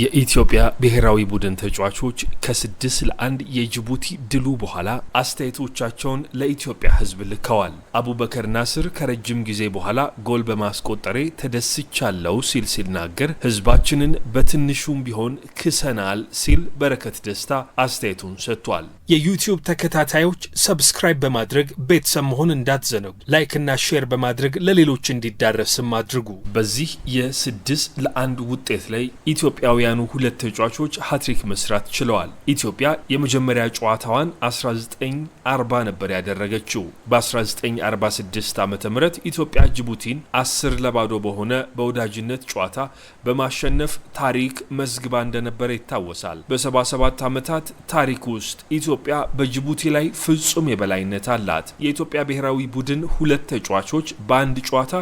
የኢትዮጵያ ብሔራዊ ቡድን ተጫዋቾች ከስድስት ለአንድ የጅቡቲ ድሉ በኋላ አስተያየቶቻቸውን ለኢትዮጵያ ሕዝብ ልከዋል። አቡበከር ናስር ከረጅም ጊዜ በኋላ ጎል በማስቆጠሬ ተደስቻለው ሲል ሲናገር ሕዝባችንን በትንሹም ቢሆን ክሰናል ሲል በረከት ደስታ አስተያየቱን ሰጥቷል። የዩቲዩብ ተከታታዮች ሰብስክራይብ በማድረግ ቤተሰብ መሆን እንዳትዘነጉ፣ ላይክና ሼር በማድረግ ለሌሎች እንዲዳረስም አድርጉ። በዚህ የስድስት ለአንድ ውጤት ላይ ኢትዮጵያውያኑ ሁለት ተጫዋቾች ሀትሪክ መስራት ችለዋል። ኢትዮጵያ የመጀመሪያ ጨዋታዋን 1940 ነበር ያደረገችው። በ1946 ዓ ም ኢትዮጵያ ጅቡቲን አስር ለባዶ በሆነ በወዳጅነት ጨዋታ በማሸነፍ ታሪክ መዝግባ እንደነበረ ይታወሳል። በ77 ዓመታት ታሪክ ውስጥ ኢትዮጵያ በጅቡቲ ላይ ፍጹም የበላይነት አላት። የኢትዮጵያ ብሔራዊ ቡድን ሁለት ተጫዋቾች በአንድ ጨዋታ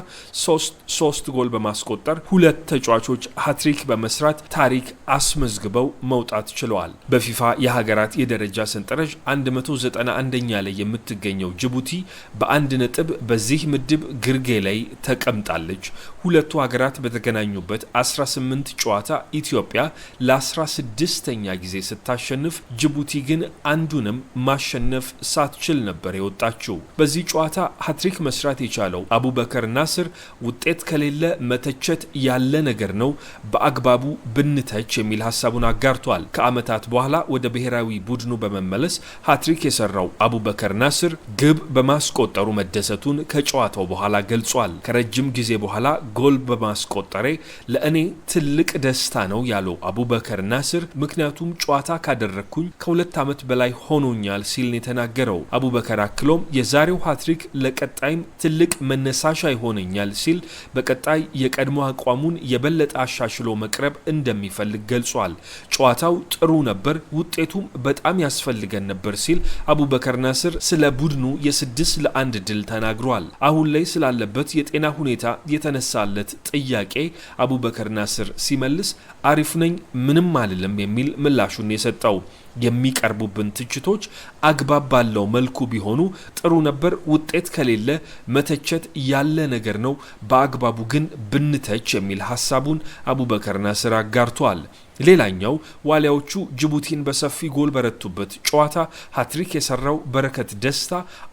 ሶስት ጎል በማስቆጠር ሁለት ተጫዋቾች ሀትሪክ በመስራት ታሪክ አስመዝግበው መውጣት ችለዋል። በፊፋ የሀገራት የደረጃ ሰንጠረዥ 191ኛ ላይ የምትገኘው ጅቡቲ በአንድ ነጥብ በዚህ ምድብ ግርጌ ላይ ተቀምጣለች። ሁለቱ ሀገራት በተገናኙበት 18 ጨዋታ ኢትዮጵያ ለ16ኛ ጊዜ ስታሸንፍ ጅቡቲ ግን አንዱንም ማሸነፍ ሳትችል ነበር የወጣችው። በዚህ ጨዋታ ሀትሪክ መስራት የቻለው አቡበከር ናስር ውጤት ከሌለ መተቸት ያለ ነገር ነው፣ በአግባቡ ብንተች የሚል ሀሳቡን አጋርቷል። ከዓመታት በኋላ ወደ ብሔራዊ ቡድኑ በመመለስ ሀትሪክ የሰራው አቡበከር ናስር ግብ በማስቆጠሩ መደሰቱን ከጨዋታው በኋላ ገልጿል። ከረጅም ጊዜ በኋላ ጎል በማስቆጠሬ ለእኔ ትልቅ ደስታ ነው ያለው አቡበከር ናስር ምክንያቱም ጨዋታ ካደረግኩኝ ከሁለት ዓመት በላይ ሆኖኛል ሲል ነው የተናገረው። አቡበከር አክሎም የዛሬው ሀትሪክ ለቀጣይም ትልቅ መነሳሻ ይሆነኛል ሲል በቀጣይ የቀድሞ አቋሙን የበለጠ አሻሽሎ መቅረብ እንደሚፈልግ ገልጿል። ጨዋታው ጥሩ ነበር፣ ውጤቱም በጣም ያስፈልገን ነበር ሲል አቡበከር ናስር ስለ ቡድኑ የስድስት ለአንድ ድል ተናግሯል። አሁን ላይ ስላለበት የጤና ሁኔታ የተነሳለት ጥያቄ አቡበከር ናስር ሲመልስ አሪፍ ነኝ፣ ምንም አልልም የሚል ምላሹን የሰጠው የሚቀርቡብን ትችቶች አግባብ ባለው መልኩ ቢሆኑ ጥሩ ነበር። ውጤት ከሌለ መተቸት ያለ ነገር ነው። በአግባቡ ግን ብንተች የሚል ሀሳቡን አቡበከር ናስር አጋርቷል። ሌላኛው ዋሊያዎቹ ጅቡቲን በሰፊ ጎል በረቱበት ጨዋታ ሀትሪክ የሰራው በረከት ደስታ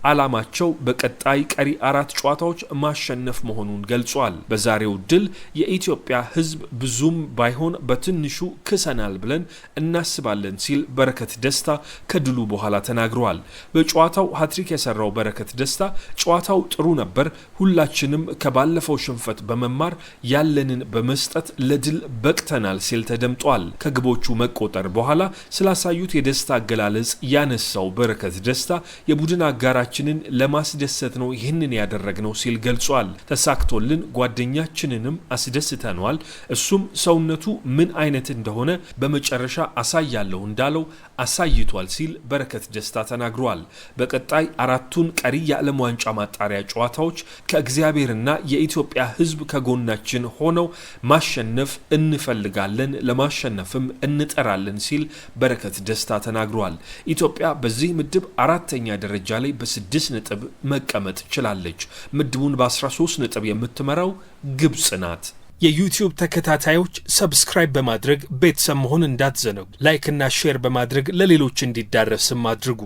አላማቸው በቀጣይ ቀሪ አራት ጨዋታዎች ማሸነፍ መሆኑን ገልጿል። በዛሬው ድል የኢትዮጵያ ሕዝብ ብዙም ባይሆን በትንሹ ክሰናል ብለን እናስባለን ሲል በረከት ደስታ ከድሉ በኋላ ተናግረዋል። በጨዋታው ሀትሪክ የሰራው በረከት ደስታ ጨዋታው ጥሩ ነበር፣ ሁላችንም ከባለፈው ሽንፈት በመማር ያለንን በመስጠት ለድል በቅተናል ሲል ተደምጧል። ተገልጿል። ከግቦቹ መቆጠር በኋላ ስላሳዩት የደስታ አገላለጽ ያነሳው በረከት ደስታ የቡድን አጋራችንን ለማስደሰት ነው ይህንን ያደረግነው ሲል ገልጿል። ተሳክቶልን ጓደኛችንንም አስደስተነዋል። እሱም ሰውነቱ ምን አይነት እንደሆነ በመጨረሻ አሳያለሁ እንዳለው አሳይቷል ሲል በረከት ደስታ ተናግሯል። በቀጣይ አራቱን ቀሪ የዓለም ዋንጫ ማጣሪያ ጨዋታዎች ከእግዚአብሔርና የኢትዮጵያ ሕዝብ ከጎናችን ሆነው ማሸነፍ እንፈልጋለን፣ ለማሸነፍም እንጠራለን ሲል በረከት ደስታ ተናግሯል። ኢትዮጵያ በዚህ ምድብ አራተኛ ደረጃ ላይ በስድስት ነጥብ መቀመጥ ችላለች። ምድቡን በ13 ነጥብ የምትመራው ግብጽ ናት። የዩቲዩብ ተከታታዮች ሰብስክራይብ በማድረግ ቤተሰብ መሆን እንዳትዘነጉ። ላይክና ሼር በማድረግ ለሌሎች እንዲዳረስም አድርጉ።